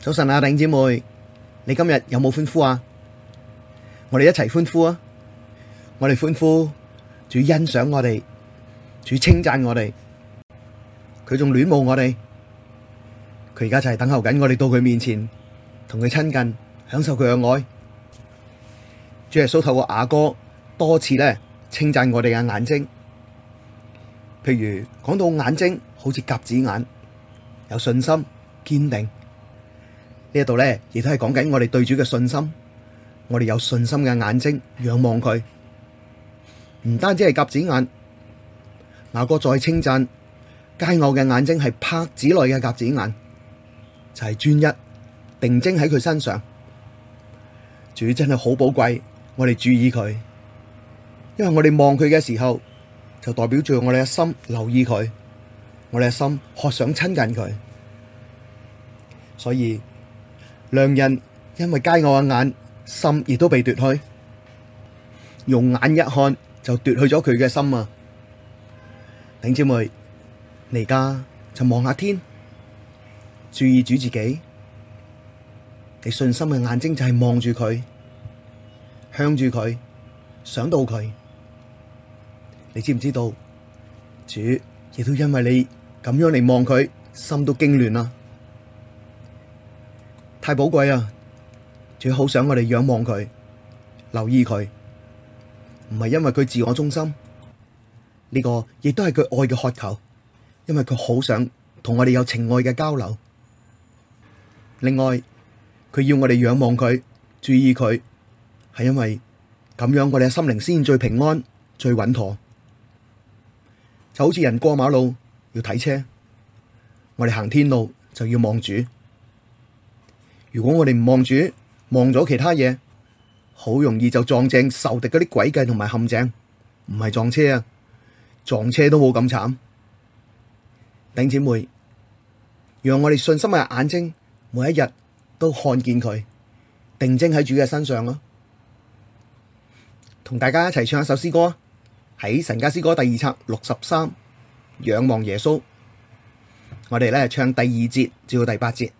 早晨啊，弟兄姊妹，你今日有冇歡呼啊？我哋一齊歡呼啊！我哋歡呼，主欣賞我哋，主稱讚我哋，佢仲戀慕我哋，佢而家就係等候緊，我哋到佢面前，同佢親近，享受佢嘅愛。主係蘇透個雅歌，多次咧稱讚我哋嘅眼睛，譬如講到眼睛好似鴿子眼，有信心堅定。呢一度咧，亦都係講緊我哋對主嘅信心，我哋有信心嘅眼睛仰望佢，唔單止係鴿子眼，雅歌再稱讚，佳偶嘅眼睛係帕子內嘅鴿子眼，就係專一，定睛喺佢身上，主真係好寶貴，我哋注意佢，因為我哋望佢嘅時候，就代表住我哋嘅心留意佢，我哋嘅心渴想親近佢，所以。良人因為佳我嘅眼心亦都被奪去，用眼一看就奪去咗佢嘅心啊！頂姐妹，你而家就望下天，注意主自己，你信心嘅眼睛就係望住佢，向住佢，想到佢。你知唔知道？主亦都因為你咁樣嚟望佢，心都驚亂啦。太寶貴啊！佢好想我哋仰望佢，留意佢，唔係因為佢自我中心，呢個亦都係佢愛嘅渴求，因為佢好想同我哋有情愛嘅交流。另外，佢要我哋仰望佢，注意佢，係因為咁樣我哋嘅心靈先最平安、最穩妥。就好似人過馬路要睇車，我哋行天路就要望主。如果我哋唔望住，望咗其他嘢，好容易就撞正受敵嗰啲詭計同埋陷阱，唔係撞車啊！撞車都冇咁慘，丁姐妹，讓我哋信心嘅眼睛，每一日都看見佢，定睛喺主嘅身上咯。同大家一齊唱一首詩歌，喺神家詩歌第二冊六十三《仰望耶穌》。我呢，我哋咧唱第二節至到第八節。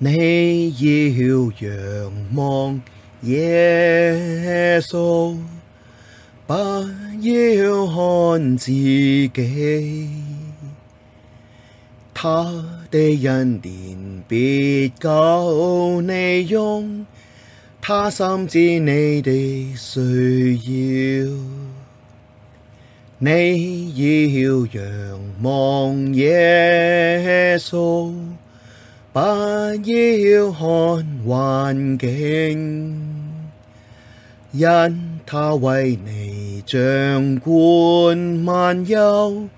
你要仰望耶穌，不要看自己。他的恩典必夠你用，他深知你的需要。你要仰望耶穌。不要看環境，因他為你掌管萬有，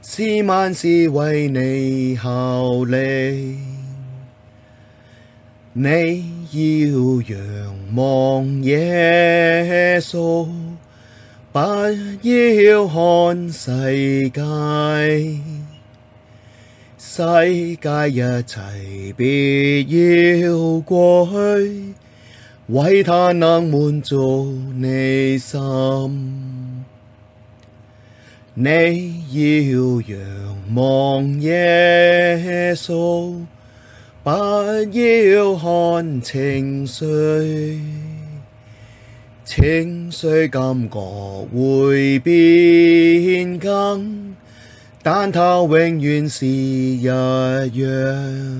使萬事為你效力。你要仰望耶穌，不要看世界。世界一切必要過去，唯祂能滿足你心。你要仰望耶穌，不要看情緒，情緒感覺會變更。但祂永遠是一樣，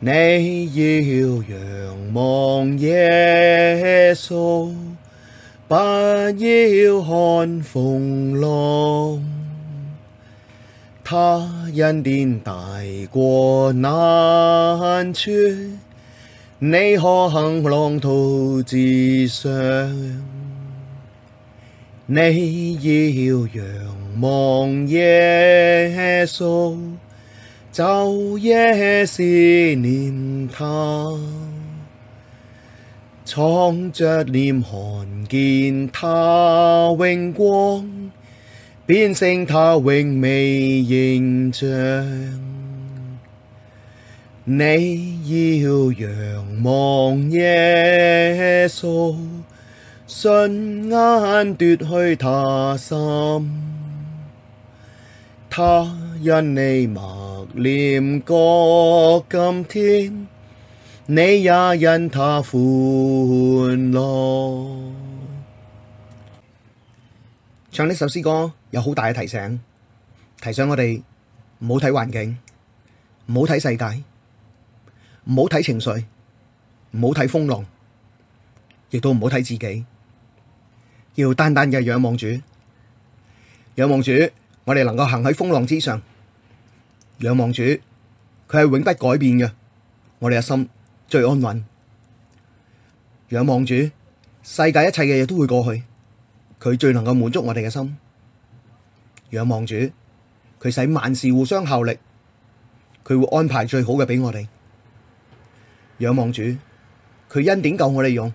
你要仰望耶穌，不要看風浪。祂恩典大過難處，你可行浪濤之上。你要仰望耶穌，晝夜思念他，敞著臉看見他榮光，變成他榮美形象。你要仰望耶穌。信眼奪去他心，他因你默念覺甘甜，你也因他歡樂。唱呢首詩歌有好大嘅提醒，提醒我哋唔好睇環境，唔好睇世界，唔好睇情緒，唔好睇風浪，亦都唔好睇自己。要單單嘅仰望主，仰望主，我哋能夠行喺風浪之上。仰望主，佢係永不改變嘅，我哋嘅心最安穩。仰望主，世界一切嘅嘢都會過去，佢最能夠滿足我哋嘅心。仰望主，佢使萬事互相效力，佢會安排最好嘅俾我哋。仰望主，佢恩典夠我哋用，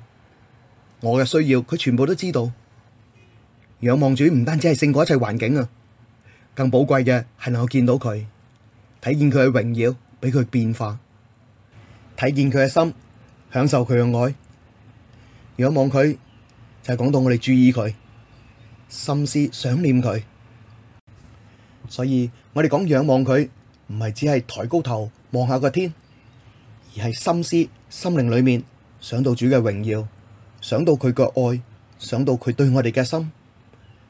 我嘅需要，佢全部都知道。仰望主唔單止係勝過一切環境啊，更寶貴嘅係能夠見到佢，睇見佢嘅榮耀，俾佢變化，睇見佢嘅心，享受佢嘅愛。仰望佢就係講到我哋注意佢，心思想念佢，所以我哋講仰望佢唔係只係抬高頭望下個天，而係心思心靈裏面想到主嘅榮耀，想到佢嘅愛，想到佢對我哋嘅心。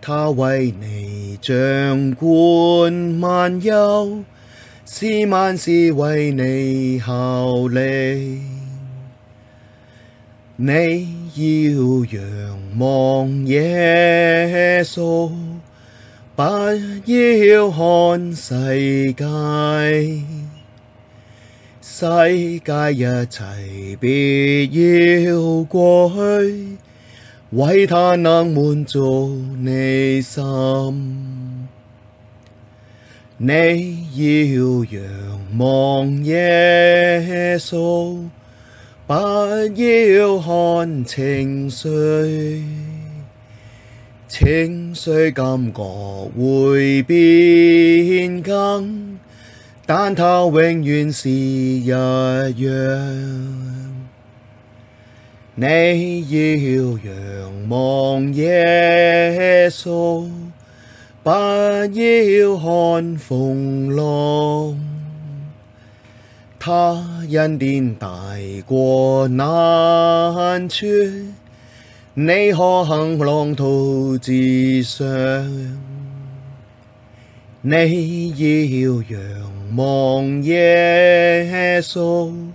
他為你掌管萬有，使萬事為你效力。你要仰望耶穌，不要看世界，世界一切必要過去。唯他能滿足你心，你要仰望耶穌，不要看情緒。情緒感覺會變更，但他永遠是一樣。你要仰望耶穌，不要看風浪。他恩典大過難處，你可行浪濤之上。你要仰望耶穌。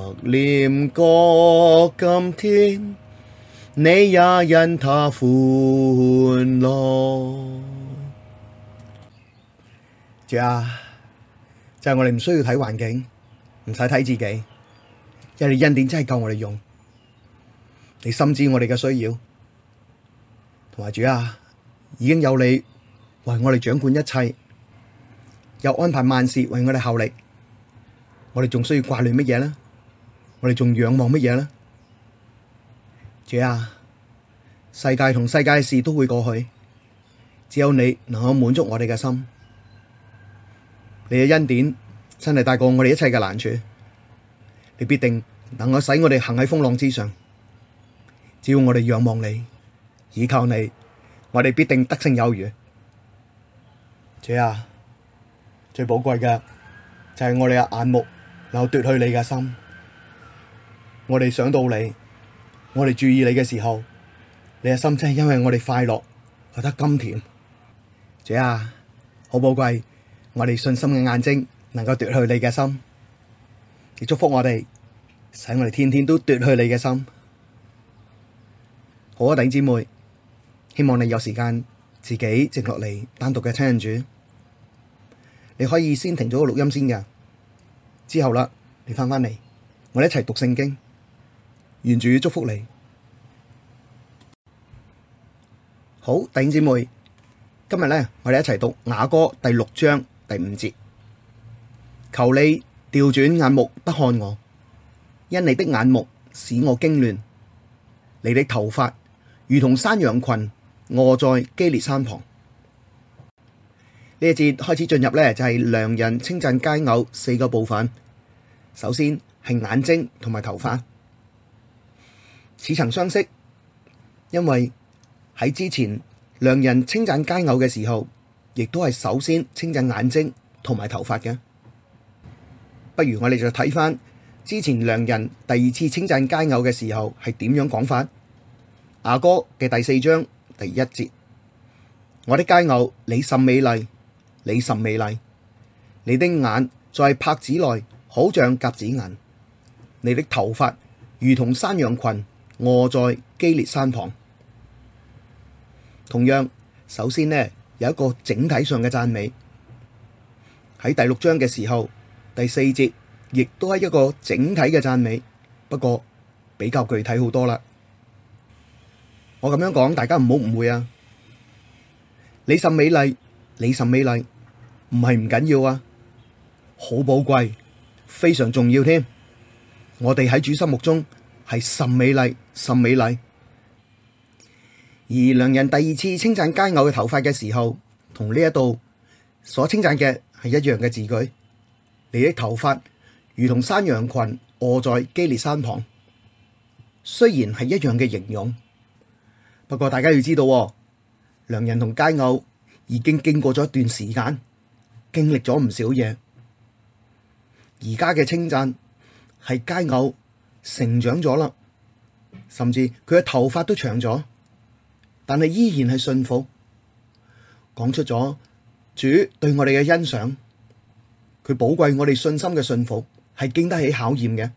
念覺甘甜，你也因他歡樂，主啊，就係、是、我哋唔需要睇環境，唔使睇自己，因為你恩典真係夠我哋用，你深知我哋嘅需要，同埋主啊，已經有你為我哋掌管一切，又安排萬事為我哋效力，我哋仲需要掛念乜嘢呢？我哋仲仰望乜嘢呢？主啊，世界同世界嘅事都會過去，只有你能夠滿足我哋嘅心。你嘅恩典真係大過我哋一切嘅難處，你必定能夠使我哋行喺風浪之上。只要我哋仰望你，倚靠你，我哋必定得勝有餘。主啊，最寶貴嘅就係我哋嘅眼目能夠奪去你嘅心。我哋想到你，我哋注意你嘅時候，你嘅心真係因為我哋快樂，覺得甘甜。主啊，好寶貴，我哋信心嘅眼睛能夠奪去你嘅心。你祝福我哋，使我哋天天都奪去你嘅心。好啊，弟兄姊妹，希望你有時間自己靜落嚟單獨嘅親近主。你可以先停咗個錄音先㗎，之後啦，你返返嚟，我哋一齊讀聖經。願主祝福你，好弟兄姊妹，今日呢，我哋一齊讀雅歌第六章第五節。求你調轉眼目不看我，因你的眼目使我驚亂。你的頭髮如同山羊群卧在基列山旁。呢一節開始進入呢，就係、是、良人稱讚佳偶四個部分。首先係眼睛同埋頭髮。似曾相識，因為喺之前良人稱讚佳偶嘅時候，亦都係首先稱讚眼睛同埋頭髮嘅。不如我哋就睇翻之前良人第二次稱讚佳偶嘅時候係點樣講法？雅歌嘅第四章第一節，我的佳偶，你甚美麗，你甚美麗，你的眼在帕子內，好像鴿子眼；你的頭髮如同山羊群。臥在基列山旁，同樣首先呢，有一個整體上嘅讚美。喺第六章嘅時候第四節亦都係一個整體嘅讚美，不過比較具體好多啦。我咁樣講，大家唔好誤會啊！你甚美麗，你甚美麗，唔係唔緊要啊，好寶貴，非常重要添。我哋喺主心目中，係甚美麗，甚美麗。而良人第二次稱讚佳偶嘅頭髮嘅時候，同呢一度所稱讚嘅係一樣嘅字句。你的頭髮如同山羊群臥在基列山旁，雖然係一樣嘅形容，不過大家要知道，良人同佳偶已經經過咗一段時間，經歷咗唔少嘢，而家嘅稱讚係佳偶。成長咗啦，甚至佢嘅頭髮都長咗，但係依然係信服，講出咗主對我哋嘅欣賞，佢寶貴我哋信心嘅信服係經得起考驗嘅，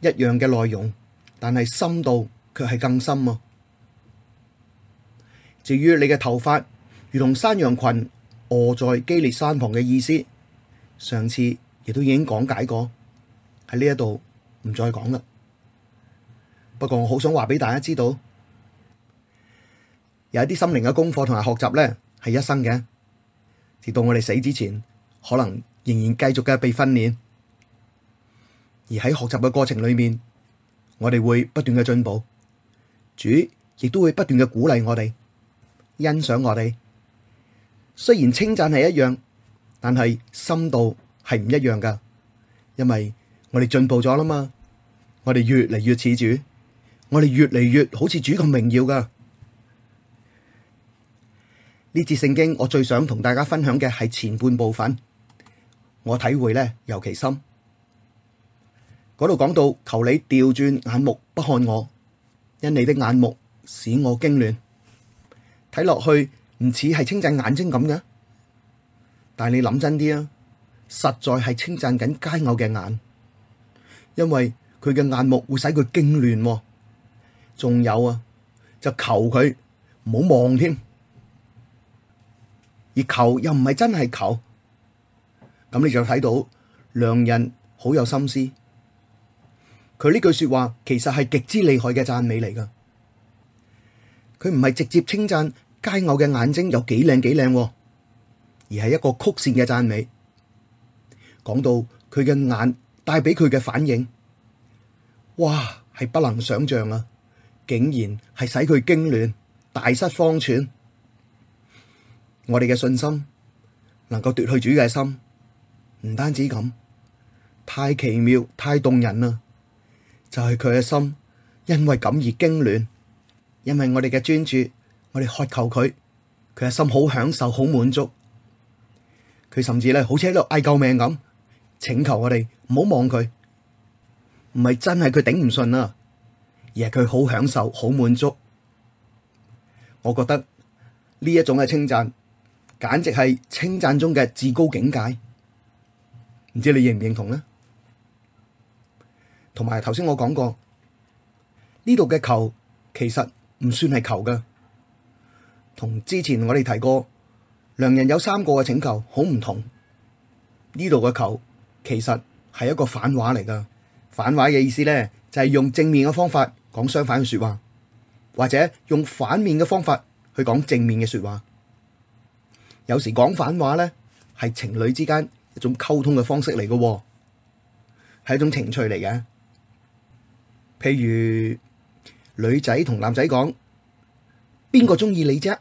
一樣嘅內容，但係深度卻係更深啊！至於你嘅頭髮如同山羊群臥在基列山旁嘅意思，上次亦都已經講解過。喺呢一度唔再講啦。不過我好想話俾大家知道，有一啲心靈嘅功課同埋學習咧係一生嘅，直到我哋死之前，可能仍然繼續嘅被訓練。而喺學習嘅過程裏面，我哋會不斷嘅進步，主亦都會不斷嘅鼓勵我哋，欣賞我哋。雖然稱讚係一樣，但係深度係唔一樣噶，因為。我哋進步咗啦嘛，我哋越嚟越似主，我哋越嚟越好似主咁榮耀噶。呢節聖經我最想同大家分享嘅係前半部分，我體會呢，尤其深。嗰度講到求你掉轉眼目不看我，因你的眼目使我驚亂。睇落去唔似係稱讚眼睛咁嘅，但係你諗真啲啊，實在係稱讚緊佳偶嘅眼。因為佢嘅眼目會使佢驚亂、啊，仲有啊，就求佢唔好望添、啊，而求又唔係真係求，咁你就睇到良人好有心思。佢呢句說話其實係極之厲害嘅讚美嚟噶，佢唔係直接稱讚佳偶嘅眼睛有幾靚幾靚，而係一個曲線嘅讚美，講到佢嘅眼。帶俾佢嘅反應，哇，係不能想象啊！竟然係使佢驚亂、大失方寸。我哋嘅信心能夠奪去主嘅心，唔單止咁，太奇妙、太動人啦！就係佢嘅心，因為咁而驚亂，因為我哋嘅專注，我哋渴求佢，佢嘅心好享受、好滿足，佢甚至咧，好似喺度嗌救命咁。請求我哋唔好望佢，唔係真係佢頂唔順啊，而係佢好享受、好滿足。我覺得呢一種嘅稱讚，簡直係稱讚中嘅至高境界。唔知你認唔認同呢？同埋頭先我講過，呢度嘅求其實唔算係求嘅，同之前我哋提過良人有三個嘅請求，好唔同呢度嘅求。其實係一個反話嚟噶反話嘅意思咧，就係用正面嘅方法講相反嘅說話，或者用反面嘅方法去講正面嘅說話。有時講反話咧，係情侶之間一種溝通嘅方式嚟噶係一種情趣嚟嘅。譬如女仔同男仔講邊個中意你啫，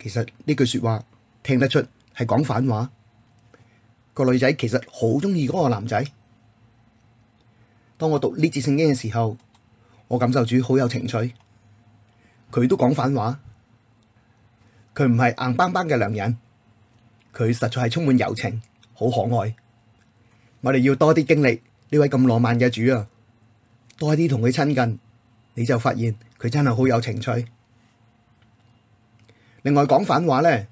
其實呢句說話聽得出係講反話。個女仔其實好中意嗰個男仔。當我讀呢節聖經嘅時候，我感受主好有情趣。佢都講反話，佢唔係硬邦邦嘅良人，佢實在係充滿柔情，好可愛。我哋要多啲經歷呢位咁浪漫嘅主啊，多啲同佢親近，你就發現佢真係好有情趣。另外講反話咧，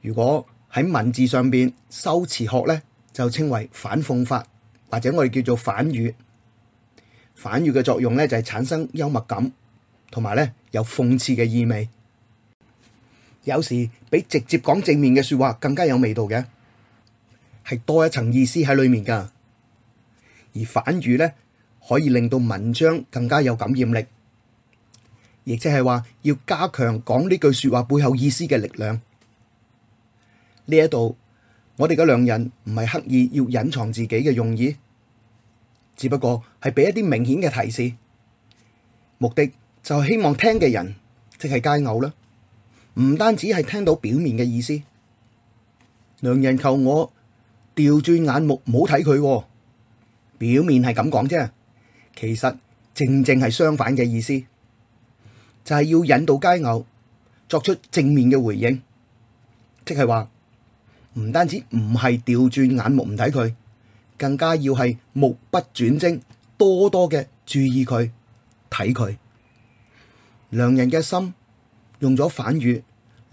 如果，喺文字上邊，修辭學呢就稱為反諷法，或者我哋叫做反語。反語嘅作用呢，就係產生幽默感，同埋呢有諷刺嘅意味。有時比直接講正面嘅説話更加有味道嘅，係多一層意思喺裏面噶。而反語呢，可以令到文章更加有感染力，亦即係話要加強講呢句説話背後意思嘅力量。呢一度，我哋嘅良人唔係刻意要隱藏自己嘅用意，只不過係俾一啲明顯嘅提示，目的就係希望聽嘅人即係街偶啦，唔單止係聽到表面嘅意思，良人求我掉轉眼目唔好睇佢，表面係咁講啫，其實正正係相反嘅意思，就係要引導佳偶作出正面嘅回應，即係話。唔單止唔係掉轉眼目唔睇佢，更加要係目不轉睛，多多嘅注意佢，睇佢。良人嘅心用咗反語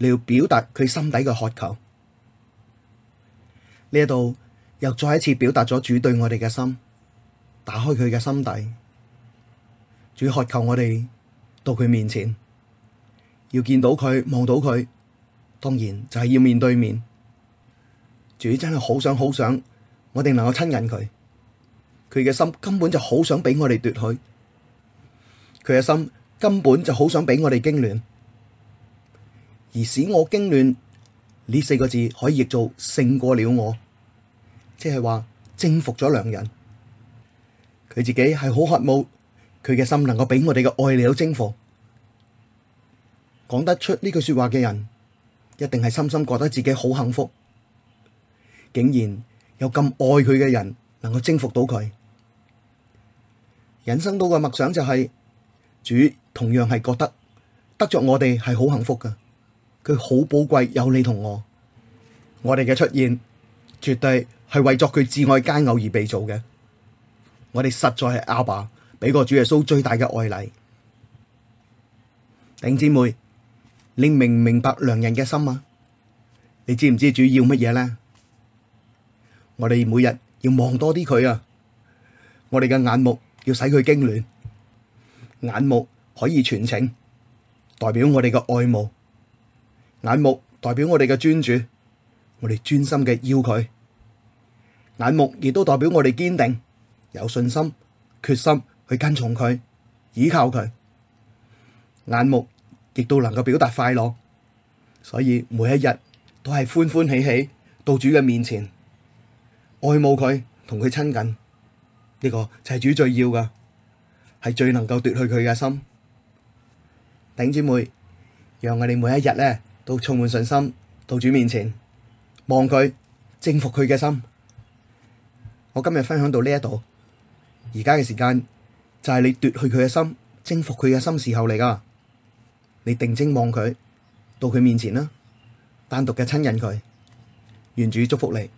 嚟表達佢心底嘅渴求。呢一度又再一次表達咗主對我哋嘅心，打開佢嘅心底。主渴求我哋到佢面前，要見到佢，望到佢，當然就係要面對面。主真係好想好想我，我哋能夠親近佢，佢嘅心根本就好想俾我哋奪去，佢嘅心根本就好想俾我哋驚亂，而使我驚亂呢四個字可以譯做勝過了我，即係話征服咗良人。佢自己係好渴慕，佢嘅心能夠俾我哋嘅愛嚟都征服。講得出呢句說話嘅人，一定係深深覺得自己好幸福。竟然有咁愛佢嘅人，能夠征服到佢。人生到個默想就係、是、主同樣係覺得得着我哋係好幸福嘅，佢好寶貴有你同我，我哋嘅出現絕對係為作佢至愛佳偶而被造嘅。我哋實在係阿爸俾個主耶穌最大嘅愛禮。頂姊妹，你明唔明白良人嘅心啊？你知唔知主要乜嘢呢？我哋每日要望多啲佢啊！我哋嘅眼目要使佢驚亂，眼目可以傳情，代表我哋嘅愛慕；眼目代表我哋嘅專注，我哋專心嘅要佢；眼目亦都代表我哋堅定、有信心、決心去跟從佢、依靠佢；眼目亦都能夠表達快樂，所以每一日都係歡歡喜喜到主嘅面前。愛慕佢，同佢親近，呢個就係主最要噶，係最能夠奪去佢嘅心。弟兄姊妹，讓我哋每一日咧都充滿信心，到主面前望佢，征服佢嘅心。我今日分享到呢一度，而家嘅時間就係你奪去佢嘅心，征服佢嘅心時候嚟噶。你定睛望佢，到佢面前啦，單獨嘅親近佢。願主祝福你。